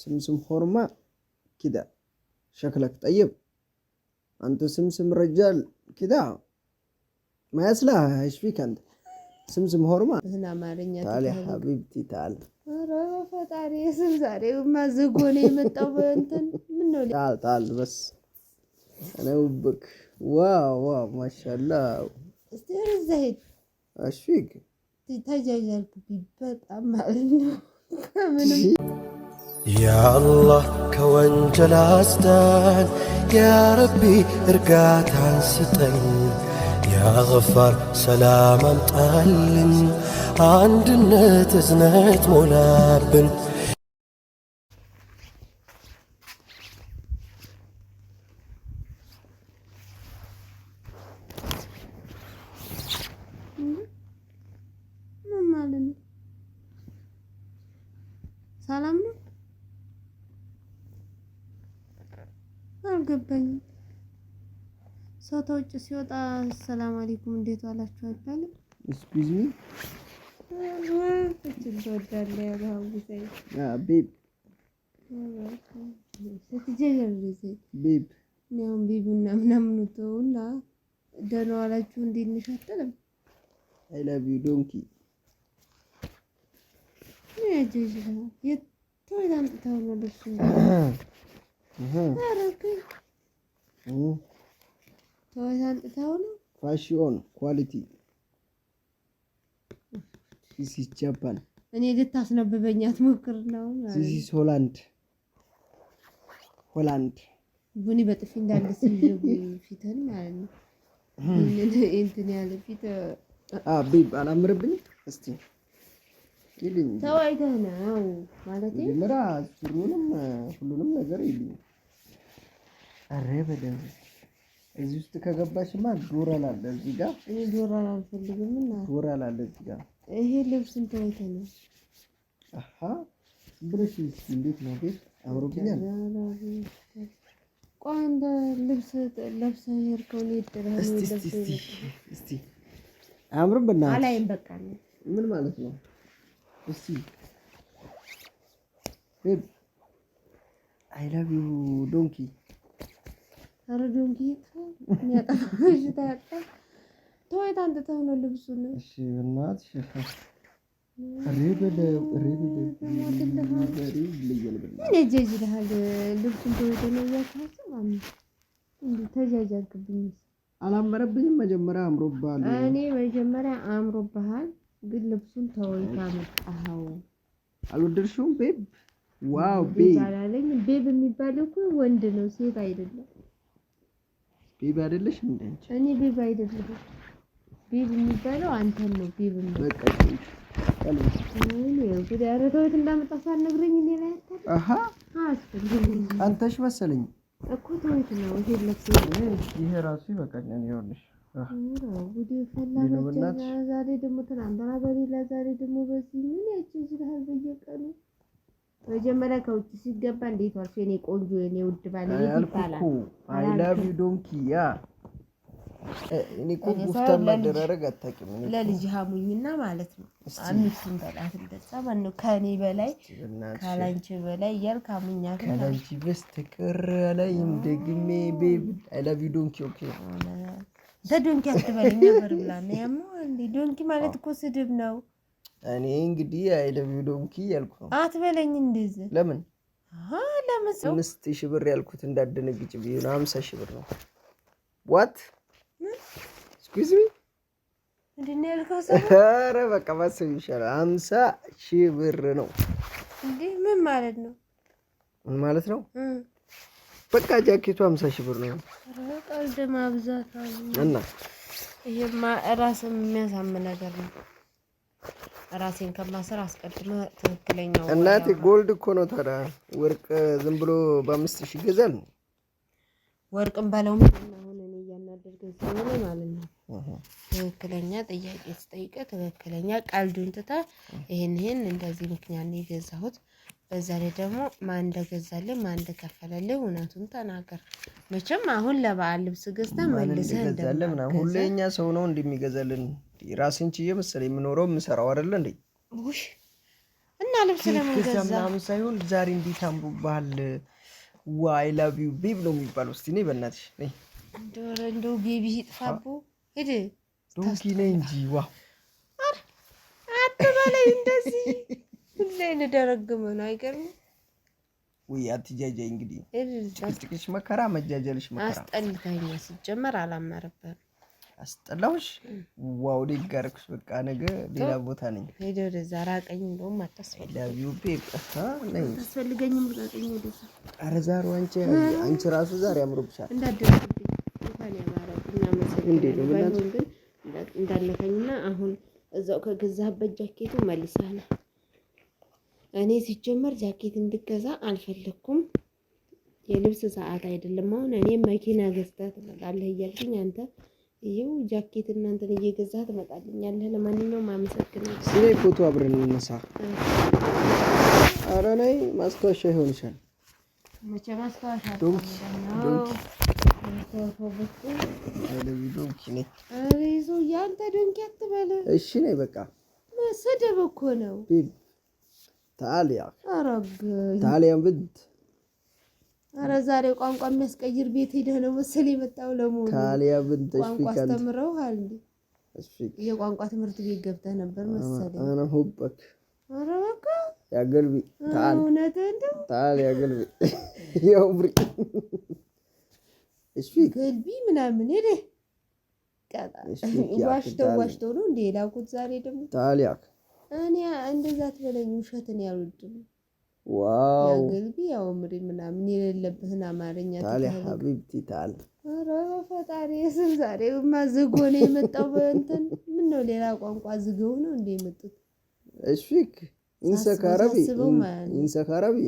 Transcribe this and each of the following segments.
ስምስም ሆርማ ኪዳ ሸክለክ ጠይብ አንተ ስምስም ረጃል ኪዳ ማያስላ አይሽፊክ አንተ ስምስም ሆርማ እህን አማርኛ ታሊ ሀቢብቲ ታል ኧረ ፈጣሪ ስም ዛሬማ ዝጎ ነው የመጣው። በእንትን ምን ነው ታል ታል በስ እኔ ውብክ ዋው ማሻላ እስቲ እዛ አሽፊክ ተጃጃልኩብኝ በጣም ማለት ነው። ያአላህ ከወንጀል አስዳን፣ ያረቢ እርጋታን ስጠን፣ ያገፋር ሰላም አምጣልን፣ አንድነት እዝነት ሞላብን አይባልም። ሰው ተውጭ ሲወጣ ሰላም አለይኩም እንዴት ዋላችሁ አይባልም። እስኪዚ ቢብ እና ምናምን እና ደህና ዋላችሁ እንዴት ነሽ አትልም። አይ ላቭ ዩ ዶንኪ የት ነው ልብሱ? አምጥታው ነው። ፋሽን ኳሊቲ ሲሲ ጃፓን። እኔ ልታስነብበኝ አትሞክር ነው። ሲሲስ ሆላንድ ሆላንድ ቡኒ በጥፊ እንዳለ ሲልጉ ማለት ነው። hmm. እንትን ያለ ፊት ah, አላምርብኝ። እስቲ ነው ማለት ሁሉንም ሁሉንም ነገር ይልኝ ኧረ በደምብ እዚህ ውስጥ ከገባሽማ ዶራል አለ እዚህ ጋር። እኔ ዶራል አልፈልግም እና ዶራል አለ እዚህ ጋር። ይሄ ልብስ እንትን አይተህ ነው። አሀ ብለሽ እንዴት ነው ቤት አምሮብኛል። ቆይ እንደ ልብስ ለብሰህ ሄድከው ነው ይደረህ። እስቲ እስቲ እስቲ አምሮብ እና አላይም። በቃ ምን ማለት ነው? እስቲ ቤብ አይ ላቭ ዩ ዶንኪ ረዶን ጌጥ የሚያጠፋ ሽታ ያጣ ተወይት አንተ ተሆነ ልብሱን እሺ እናት አላመረብኝም። መጀመሪያ አምሮብሃል። እኔ መጀመሪያ አምሮብሃል፣ ግን ልብሱን ተወይታ መጣኸው። አልወደድሽውም? ቤብ ዋው ቤብ አላለኝ። ቤብ የሚባል እኮ ወንድ ነው ሴት አይደለም። ቢብ አይደለሽ እንዴ? እኔ ቢብ አይደለሁም። ቢብ የሚባለው አንተን ነው። ቢብ ነው በቃ። አንተሽ መሰለኝ እኮ ተውት ነው ይሄ ራሱ ይበቃኛል። ይኸውልሽ ዛሬ ደግሞ ትናንትና በሌላ ዛሬ ደግሞ በዚህ ምን ያቺ በየቀኑ መጀመሪያ ከውጭ ሲገባ እንዴት ዋልሽ የኔ ቆንጆ የኔ ውድ ባለ ይባላል። አይ ላቭ ዩ ዶንኪ ያ እኔ እኮ ጉፍተን መደራረግ አታውቂም። ለልጅ ሀሙኝና ማለት ነው አሚቱን በላት እንደዛ ማነው ከኔ በላይ ካላንቺ በላይ እያልክ ሀሙኛት ካላንቺ በስተቀር አላይም ደግሜ ቤብ አይ ላቭ ዩ ዶንኪ ኦኬ እንደ ዶንኪ ነበር ብላ ነው ያማ። ዶንኪ ማለት እኮ ስድብ ነው። እኔ እንግዲህ አይለቪው ዶንኪ ያልኩ ነው። አትበለኝ እንደዚህ። ለምን ለምን? ሰው አምስት ሺህ ብር ያልኩት እንዳደነግጭ ብዬ ነው። ሀምሳ ሺህ ብር ነው። ዋት ስኩዝ ሚ ምንድን ነው ያልከው? ሰው ኧረ በቃ ማሰብ ይሻላል። ሀምሳ ሺህ ብር ነው እንዴ? ምን ማለት ነው? ምን ማለት ነው? በቃ ጃኬቱ ሀምሳ ሺህ ብር ነው። ቀልድ ማብዛት እና ይሄማ ራስን የሚያሳምን ነገር ነው። ራሴን ከማሰር አስቀድመ ትክክለኛው እናቴ ጎልድ እኮ ነው። ታዲያ ወርቅ ዝም ብሎ በአምስት ሺህ ይገዛል? ነው ወርቅም በለው አሁን እኔ እያናደርገኝ ስለሆነ ማለት ነው። ትክክለኛ ጥያቄ ስጠይቀ ትክክለኛ ቀልዱን ትታ ይህን ይህን እንደዚህ ምክንያት ነው የገዛሁት በዛ ላይ ደግሞ ማን እንደገዛልህ ማን እንደከፈለልህ እውነቱን ተናገር። መቼም አሁን ለበዓል ልብስ ገዝተህ መልሰህ እንደምናገዛ ሁሌ እኛ ሰው ነው እንደሚገዛልን ራሴን ችዬ መሰለኝ የምኖረው የምሰራው አይደለ እንዴ? እና ልብስ ለምን ሳይሆን ዛሬ እንዴት አምሮብሃል! ዋ አይ ላቭ ዩ ቤብ ነው የሚባለው። እስቲ ነይ በእናትሽ ነይ። እንደው ቤቢ ሲጥፋቦ ሂድ ዶንኪ ነይ እንጂ ዋ አትበለኝ እንደዚህ ላይ እንደረግመ ነው አይገርምም? ውይ አትጃጃይ እንግዲህ ጭቅጭቅሽ መከራ መጃጀልሽ መከራ አስጠልታኛ። ሲጀመር አላመረበትም አስጠላሁሽ። ዋው ሊልጋርኩስ በቃ ነገ ሌላ ቦታ ነኝ። ሄደ ወደዛ ራቀኝ። እንደውም አታስፈልገኝም ራቀኝ ወደዛ። ኧረ ዛሬ አንቺ አንቺ ራሱ ዛሬ አምሮብሻል። እንዳደረግብኝ እንዳለፈኝና አሁን እዛው ከገዛህበት ጃኬቱ መልሰሃል። እኔ ሲጀመር ጃኬት እንድገዛ አልፈለኩም። የልብስ ሰዓት አይደለም አሁን። እኔ መኪና ገዝተህ ትመጣለህ እያልኩኝ አንተ ይኸው ጃኬት እናንተን እየገዛ ትመጣልኛለህ። ለማንኛውም አመሰግናለሁ። ስለ ፎቶ አብረን እንነሳ። አረ ነይ ማስታወሻ ይሆን ይችላል። መቼ ማስታወሻ ዶንኪ ዶንኪ ዶንኪ ነይ። ኧረ ይዘው ያንተ ዶንኪ አትበል። እሺ ነይ በቃ መሰደብ እኮ ነው። ታሊያ ታሊያን ብድ አረ ዛሬ ቋንቋ የሚያስቀይር ቤት ሄደህ ነው መሰል የመጣው። ለመሆኑ አስተምረው አስተምረውሃል እንዴ? የቋንቋ ትምህርት ቤት ገብተህ ነበር መሰለኝ። አረ ሁበክ አረ በቃ ያገልቢ ታል እውነትህን ነው ታል ያገልቢ ያው ብሪ እሺ ገልቢ ምናምን ሄደ ቀጣ ዋሽተው ዋሽተው ነው እንደ ላኩት ዛሬ ደግሞ ታል እኔ እንደዛ ትበለኝ ውሸትን ያልወድም ዋው ግልቢ ያው ምሪ ምናምን የሌለብህን አማርኛ ታዲያ ሀቢብቲ ታል ኧረ ፈጣሪ ስም ዛሬማ ዝጎ ነው የመጣው። በእንትን ምን ነው ሌላ ቋንቋ ዝገው ነው እንደ የመጡት እሽክ ኢንሰክ አረቢ ኢንሰክ አረቢ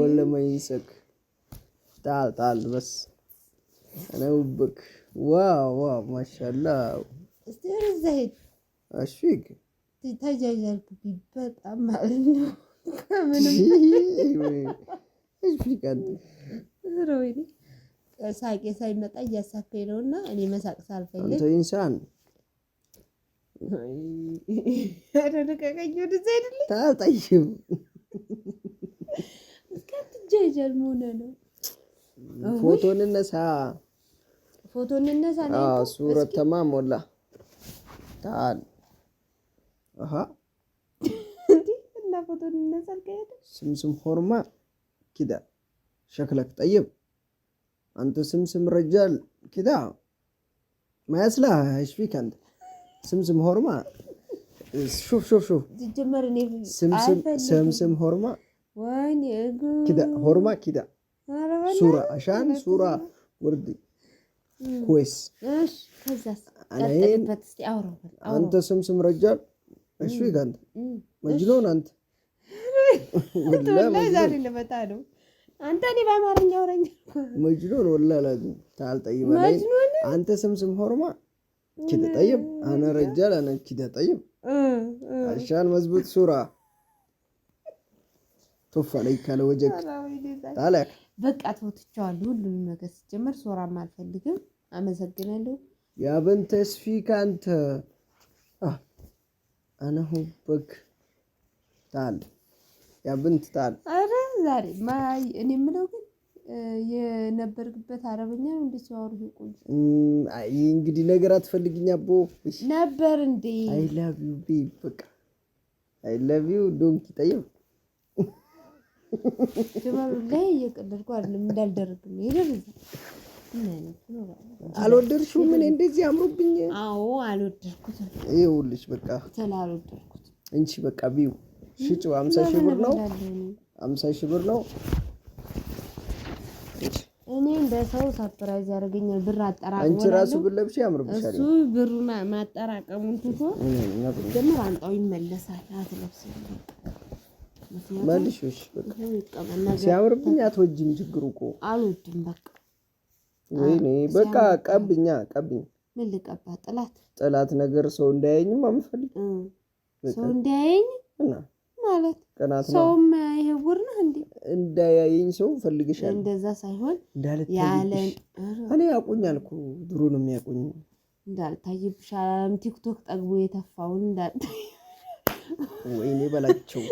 ወለማ ኢንሰክ ጣል ጣል በስ አነውብክ ዋው ዋው ማሻላ እስቲ ወደዛ እሽክ ተጃጃልኩ በጣም ማለት ነው ሳቄ ሳይመጣ እያሳፈኝ ነው እና እኔ መሳቅ ሳልፈልግ ኢንሳን ፎቶ እንነሳ፣ ፎቶ እንነሳ ሱረት ተማም ወላ ታል ስምስም ሆርማ ኪዳ ሸክለክ ጠይብ አንተ ስምስም ረጃል ኪዳ ማያስላ ሽፊክ አንተ ስምስም ሆርማ ሹፍ ሹፍ ሹፍ ስምስም ሆርማ ኪዳ ሆርማ ኪዳ ሱራ አሻን ሱራ ውርድ ኩዌስ አንተ ስምስም ረጃል ሽፊክ አንተ መጅኖን አንተ ወላሂ ዛሬ መጅኑን ወላሂ አላውቅም። ታልጠይበ አንተ ስምስም ሆርማ ኪደ አነ ረጃል አነ ኪደ አሻን መዝቡት ሱራ ቶፍ አለይከ ታላክ በቃ ተወትቼዋለሁ። ሁሉም ነገር ሲጀመር ሶራም አልፈልግም። አመሰግናለሁ። ያበን ተስፊክ አንተ አነ ሁበክ ታል ያ ብንት ታል አረ ዛሬ ማይ እኔ የምለው ግን የነበርክበት አረበኛ ነው እንዴ? ሲያወሩ ይቆይ እንግዲህ ነገር አትፈልግኛ ቦ ነበር እንዴ? አይ ላቭ ዩ ቢ በቃ አይ ላቭ ዩ ዶንኪ ጠየው ጀማሉ ላይ እየቀለድኩ አይደለም እንዳልደረብኝ ይደርዝ አልወደድሽውም? ምን እንደዚህ አምሮብኝ። አዎ አልወደድኩትም። ይኸውልሽ በቃ ስለ አልወደድኩት እንጂ በቃ ቢው ሽጩ። አምሳ ሺህ ብር ነው። አምሳ ሺህ ብር ነው። እኔም በሰው ሳፕራይዝ ያደርገኛል። ብር አጠራቅሙ አንቺ ራሱ ብለብሽ ያምርብሻል። እሱ ብሩን ማጠራቀሙን ትቶ ጀምር አንጣው ይመለሳል። አትለብስ መልሽሽ ሲያምርብኝ አትወጂም። ችግሩ እኮ አልወድም። በቃ ወይኔ በቃ ቀብኛ ቀብኝ። ምን ልቀባ? ጥላት ጥላት ነገር ሰው እንዳያየኝም አምፈልግ ሰው እንዳያየኝ ማለት ሰውም ይሄውር ነህ እንዴ? እንዳያየኝ ሰው ፈልግሻል። እንደዛ ሳይሆን ያለን እኔ ያውቁኛል እኮ ድሮ ነው የሚያውቁኝ። እንዳልታይብሽ አላለም ቲክቶክ ጠግቦ የተፋውን እንዳልታይ ወይኔ በላቸው።